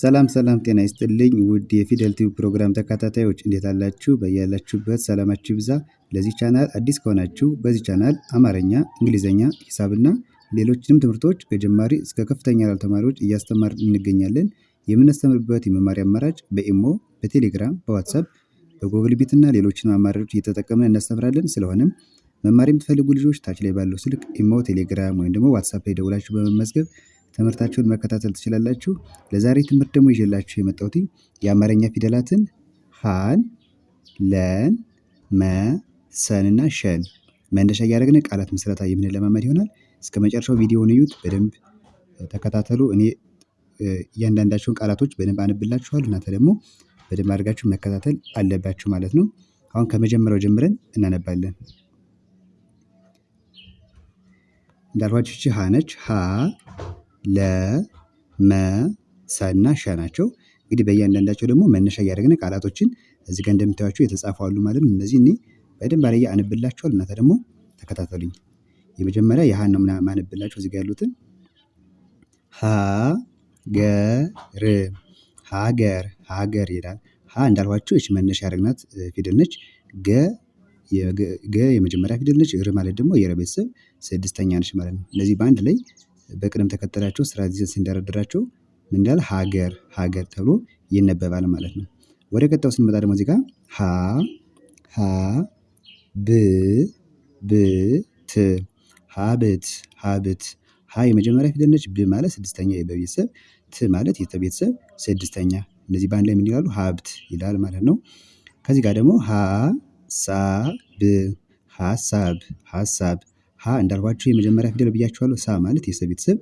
ሰላም ሰላም ጤና ይስጥልኝ ውድ የፊደል ቲዩብ ፕሮግራም ተከታታዮች እንዴት አላችሁ? በያላችሁበት ሰላማችሁ ይብዛ። ለዚህ ቻናል አዲስ ከሆናችሁ በዚህ ቻናል አማርኛ፣ እንግሊዝኛ፣ ሂሳብና ሌሎችንም ትምህርቶች ከጀማሪ እስከ ከፍተኛ ላሉ ተማሪዎች እያስተማር እንገኛለን። የምናስተምርበት የመማሪያ አማራጭ በኢሞ፣ በቴሌግራም፣ በዋትሳፕ፣ በጎግል ሚት እና ሌሎችን አማራጮች እየተጠቀምን እናስተምራለን። ስለሆነም መማር የምትፈልጉ ልጆች ታች ላይ ባለው ስልክ ኢሞ፣ ቴሌግራም ወይም ደግሞ ዋትሳፕ ላይ ደውላችሁ በመመዝገብ ትምህርታችሁን መከታተል ትችላላችሁ። ለዛሬ ትምህርት ደግሞ ይዤላችሁ የመጣሁት የአማርኛ ፊደላትን ሀን፣ ለን፣ መ፣ ሰን እና ሸን መነሻ እያደረግን ቃላት ምስረታ የምንለማመድ ይሆናል። እስከ መጨረሻው ቪዲዮውን እዩት፣ በደንብ ተከታተሉ። እኔ እያንዳንዳቸውን ቃላቶች በደንብ አንብላችኋል። እናንተ ደግሞ በደንብ አድርጋችሁ መከታተል አለባችሁ ማለት ነው። አሁን ከመጀመሪያው ጀምረን እናነባለን። እንዳልኳችሁ ሀ ነች ሀ ለ መ ሰ እና ሸ ናቸው። እንግዲህ በእያንዳንዳቸው ደግሞ መነሻ እያደረግን ቃላቶችን እዚህ ጋር እንደምታያቸው የተጻፉ አሉ ማለት ነው። እነዚህ እኔ በደንብ አድርጌ አነብላችኋለሁ እናተ ደግሞ ተከታተሉኝ። የመጀመሪያ የሀን ነው ማነብላችሁ እዚጋ ያሉትን ሀገር ሀገር ሀገር ይላል። ሀ እንዳልኋቸው እች መነሻ ያደረግናት ፊደል ነች። ገ ገ የመጀመሪያ ፊደል ነች። ር ማለት ደግሞ የረ ቤተሰብ ስድስተኛ ነች ማለት ነው። እነዚህ በአንድ ላይ በቅደም ተከተላቸው ስርዓት ስንደረድራቸው ምን ሀገር ሀገር ተብሎ ይነበባል ማለት ነው። ወደ ቀጣው ስንመጣ ደግሞ እዚህ ሀ ሀ ብ ብ ት ሀብት ሀብት ሀ የመጀመሪያ ፊደል ነች። ብ ማለት ስድስተኛ የበቤተሰብ ት ማለት የተቤተሰብ ስድስተኛ እነዚህ በአንድ ላይ ምን ይላሉ ሀብት ይላል ማለት ነው። ከዚህ ጋር ደግሞ ሀ ሳ ብ ሀሳብ ሀሳብ ሀ እንዳልኳቸው የመጀመሪያ ፊደል ብያችኋለሁ። ሳ ማለት የሰ ቤተሰብ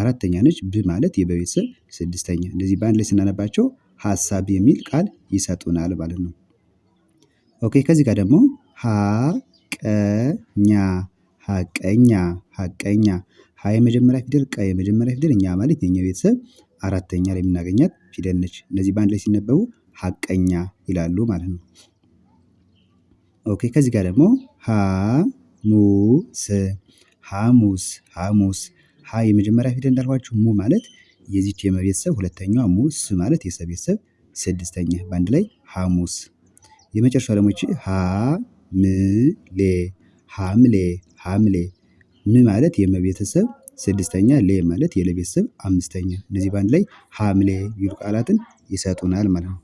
አራተኛ ነች። ብ ማለት የበቤተሰብ ስድስተኛ። እንደዚህ በአንድ ላይ ስናነባቸው ሀሳብ የሚል ቃል ይሰጡናል ማለት ነው። ኦኬ ከዚህ ጋር ደግሞ ሀቀኛ ሀቀኛ ሀቀኛ ሀ የመጀመሪያ ፊደል ቀ የመጀመሪያ ፊደል እኛ ማለት የኛ ቤተሰብ አራተኛ ላይ የምናገኛት ፊደል ነች። እነዚህ በአንድ ላይ ሲነበቡ ሀቀኛ ይላሉ ማለት ነው። ኦኬ ከዚህ ጋር ደግሞ ሀ ሙስ ሐሙስ ሐሙስ ሀ የመጀመሪያ ፊደል እንዳልኳችሁ ሙ ማለት የዚች የመቤተሰብ ሁለተኛዋ ሙስ ማለት የሰ ቤተሰብ ስድስተኛ በአንድ ላይ ሐሙስ። የመጨረሻው ደግሞ ይቺ ሀ ም ሌ ሐምሌ ሐምሌ ም ማለት የመቤተሰብ ስድስተኛ ሌ ማለት የለቤተሰብ አምስተኛ እነዚህ በአንድ ላይ ሐምሌ የሚሉ ቃላትን ይሰጡናል ማለት ነው።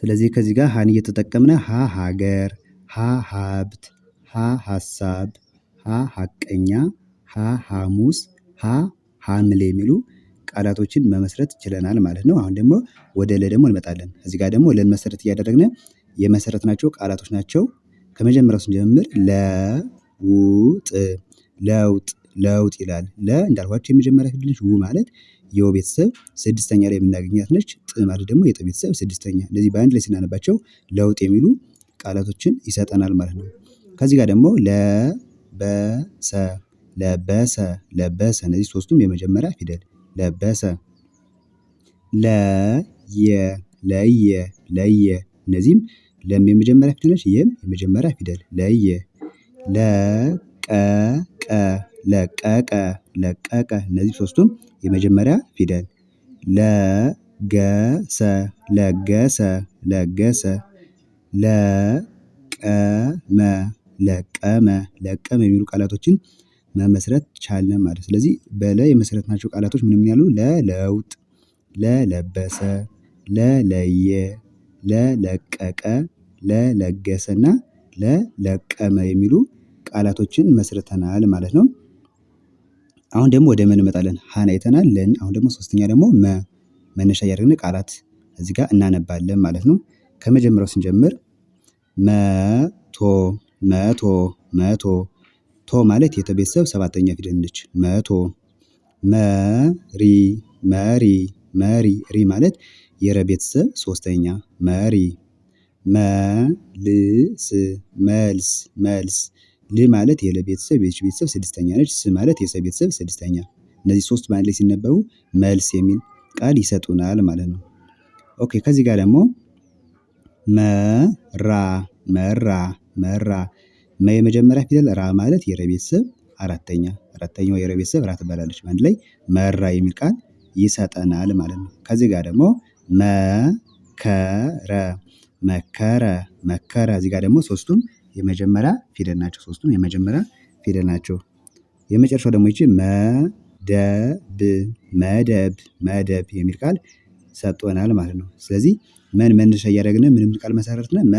ስለዚህ ከዚህ ጋር ሀን እየተጠቀምነ ሀ ሀገር ሀ ሀብት ሀ ሀሳብ ሀ ሀቀኛ ሀ ሀሙስ ሀ ሀምሌ የሚሉ ቃላቶችን መመስረት ችለናል ማለት ነው። አሁን ደግሞ ወደ ለ ደግሞ እንመጣለን። እዚህ ጋር ደግሞ ለን መሰረት እያደረግን የመሰረት ናቸው ቃላቶች ናቸው። ከመጀመሪያው ስንጀምር ለውጥ ለውጥ ለውጥ ይላል። ለ እንዳልኳቸው የመጀመሪያ ፊደል ነች። ው ማለት የው ቤተሰብ ስድስተኛ ላይ የምናገኛት ነች። ጥ ማለት ደግሞ የጥ ቤተሰብ ስድስተኛ። እንደዚህ በአንድ ላይ ስናነባቸው ለውጥ የሚሉ ቃላቶችን ይሰጠናል ማለት ነው። ከዚህ ጋር ደግሞ ለበሰ ለበሰ ለበሰ እነዚህ ሶስቱም የመጀመሪያ ፊደል ለበሰ ለየ ለየ ለየ እነዚህም ለም የመጀመሪያ ፊደል ነች የመጀመሪያ ፊደል ለየ ለቀቀ ለቀቀ ለቀቀ እነዚህ ሶስቱም የመጀመሪያ ፊደል ለገሰ ለገሰ ለገሰ ለቀመ ለቀመ ለቀመ የሚሉ ቃላቶችን መመስረት ቻልን ማለት ስለዚህ በለ የመሰረትናቸው ቃላቶች ምን ምን ያሉ ለለውጥ ለለበሰ ለለየ ለለቀቀ እና ለለቀመ የሚሉ ቃላቶችን መስርተናል ማለት ነው። አሁን ደግሞ ወደ ምን እንመጣለን ሀን አይተናል ለን አሁን ደግሞ ሶስተኛ ደግሞ መ መነሻ እያደረግን ቃላት እዚህ ጋር እናነባለን ማለት ነው ከመጀመሪያው ስንጀምር መቶ መቶ መቶ ቶ ማለት የተቤተሰብ ሰባተኛ ፊደል ነች። መቶ መሪ መሪ መሪ ሪ ማለት የረ ቤተሰብ ሶስተኛ መሪ መልስ መልስ መልስ ል ማለት የለ ቤተሰብ የች ቤተሰብ ስድስተኛ ነች። ስ ማለት የሰ ቤተሰብ ስድስተኛ። እነዚህ ሶስት በአንድ ላይ ሲነበቡ መልስ የሚል ቃል ይሰጡናል ማለት ነው። ኦኬ ከዚህ ጋር ደግሞ መራ መራ መራ የመጀመሪያ ፊደል ራ ማለት የረ ቤተሰብ አራተኛ አራተኛው የረ ቤተሰብ ራ ትባላለች በአንድ ላይ መራ የሚል ቃል ይሰጠናል ማለት ነው። ከዚህ ጋር ደግሞ መከረ መከረ መከረ እዚህ ጋር ደግሞ ሶስቱም የመጀመሪያ ፊደል ናቸው ሶስቱም የመጀመሪያ ፊደል ናቸው። የመጨረሻው ደግሞ ይቺ መደብ መደብ መደብ የሚል ቃል ሰጥቶናል ማለት ነው። ስለዚህ መን መነሻ እያደረግን ምንም ምን ቃል መሰረትን መ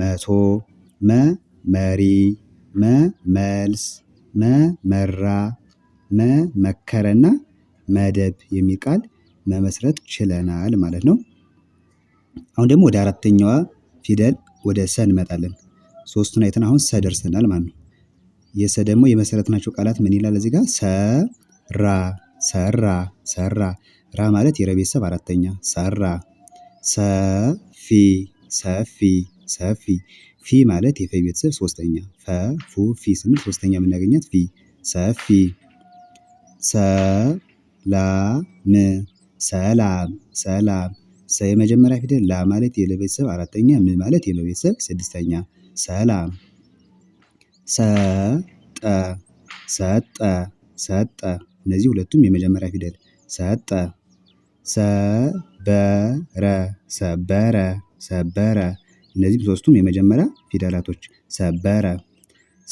መቶ መ መሪ መ መልስ መ መራ መ መከረና መደብ የሚል ቃል መመስረት ችለናል ማለት ነው። አሁን ደግሞ ወደ አራተኛዋ ፊደል ወደ ሰ እንመጣለን። ሶስቱን አይተን አሁን ሰ ደርሰናል ማለት ነው። የሰ ደግሞ የመሰረትናቸው ቃላት ምን ይላል? እዚህ ጋር ሰራ ሰራ ሰራ ራ ማለት የረ ቤተሰብ አራተኛ ሰራ ሰፊ ሰፊ ሰፊ ፊ ማለት የፈ ቤተሰብ ሶስተኛ ፈ ፉ ፊ ስንል ሶስተኛ የምናገኛት ፊ ሰፊ ሰላም ሰላም ሰላም ሰ የመጀመሪያ ፊደል ላ ማለት የለ ቤተሰብ አራተኛ ም ማለት የመ ቤተሰብ ስድስተኛ ሰላም ሰጠ ሰጠ ሰጠ እነዚህ ሁለቱም የመጀመሪያ ፊደል ሰጠ ሰበረ ሰበረ ሰበረ እነዚህም ሶስቱም የመጀመሪያ ፊደላቶች ሰበረ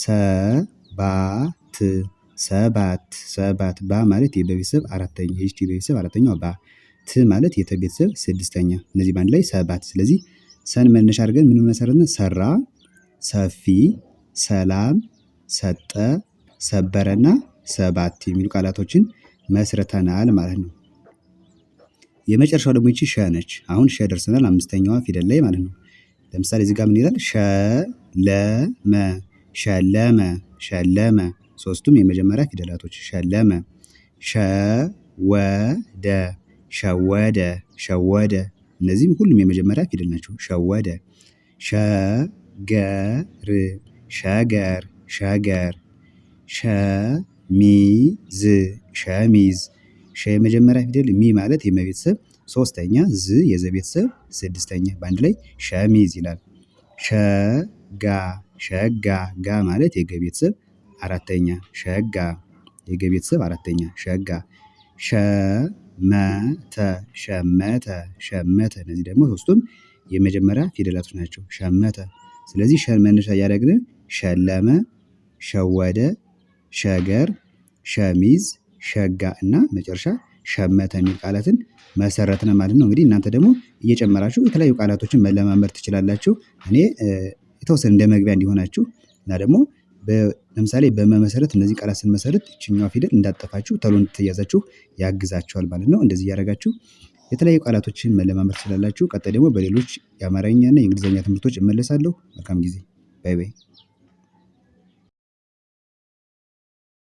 ሰባት ሰባት ሰባት ባ ማለት የበቤተሰብ አራተኛ ይህች የቤተሰብ አራተኛው ባ ት ማለት የተቤተሰብ ስድስተኛ እነዚህ በአንድ ላይ ሰባት። ስለዚህ ሰን መነሻ አድርገን ምን መሰረትን ሰራ፣ ሰፊ፣ ሰላም፣ ሰጠ፣ ሰበረና ሰባት የሚሉ ቃላቶችን መስርተናል ማለት ነው። የመጨረሻው ደግሞ ይቺ ሸ ነች። አሁን ሸ ደርሰናል፣ አምስተኛዋ ፊደል ላይ ማለት ነው። ለምሳሌ እዚህ ጋር ምን ይላል? ሸለመ፣ ሸለመ፣ ሸለመ። ሶስቱም የመጀመሪያ ፊደላቶች ሸለመ። ሸወደ፣ ሸወደ፣ ሸወደ። እነዚህም ሁሉም የመጀመሪያ ፊደል ናቸው። ሸወደ። ሸገር፣ ሸገር፣ ሸገር። ሸሚዝ፣ ሸሚዝ ሸ የመጀመሪያ ፊደል ሚ ማለት የመቤተሰብ ሶስተኛ ዝ የዘ ቤተሰብ ስድስተኛ በአንድ ላይ ሸሚዝ ይላል። ሸጋ ሸጋ ጋ ማለት የገቤተሰብ አራተኛ ሸጋ የገቤተሰብ አራተኛ ሸጋ ሸመተ ሸመተ ሸመተ እነዚህ ደግሞ ሶስቱም የመጀመሪያ ፊደላቶች ናቸው። ሸመተ ስለዚህ ሸን መነሻ እያደረግን ሸለመ፣ ሸወደ፣ ሸገር፣ ሸሚዝ ሸጋ እና መጨረሻ ሸመተ የሚል ቃላትን ነው ማለት ነው። እንግዲህ እናንተ ደግሞ እየጨመራችሁ የተለያዩ ቃላቶችን መለማመድ ትችላላችሁ። እኔ የተወሰነ እንደ መግቢያ እንዲሆናችሁ እና ደግሞ ለምሳሌ በመመሰረት እነዚህ ቃላት ስንመሰረት ይችኛዋ ፊደል እንዳጠፋችሁ ተሎ እንድትያዛችሁ ያግዛችኋል ማለት ነው። እንደዚህ እያደረጋችሁ የተለያዩ ቃላቶችን መለማመድ ትችላላችሁ። ቀጣይ ደግሞ በሌሎች የአማርኛና የእንግሊዝኛ ትምህርቶች እመለሳለሁ። መልካም ጊዜ። ባይ ባይ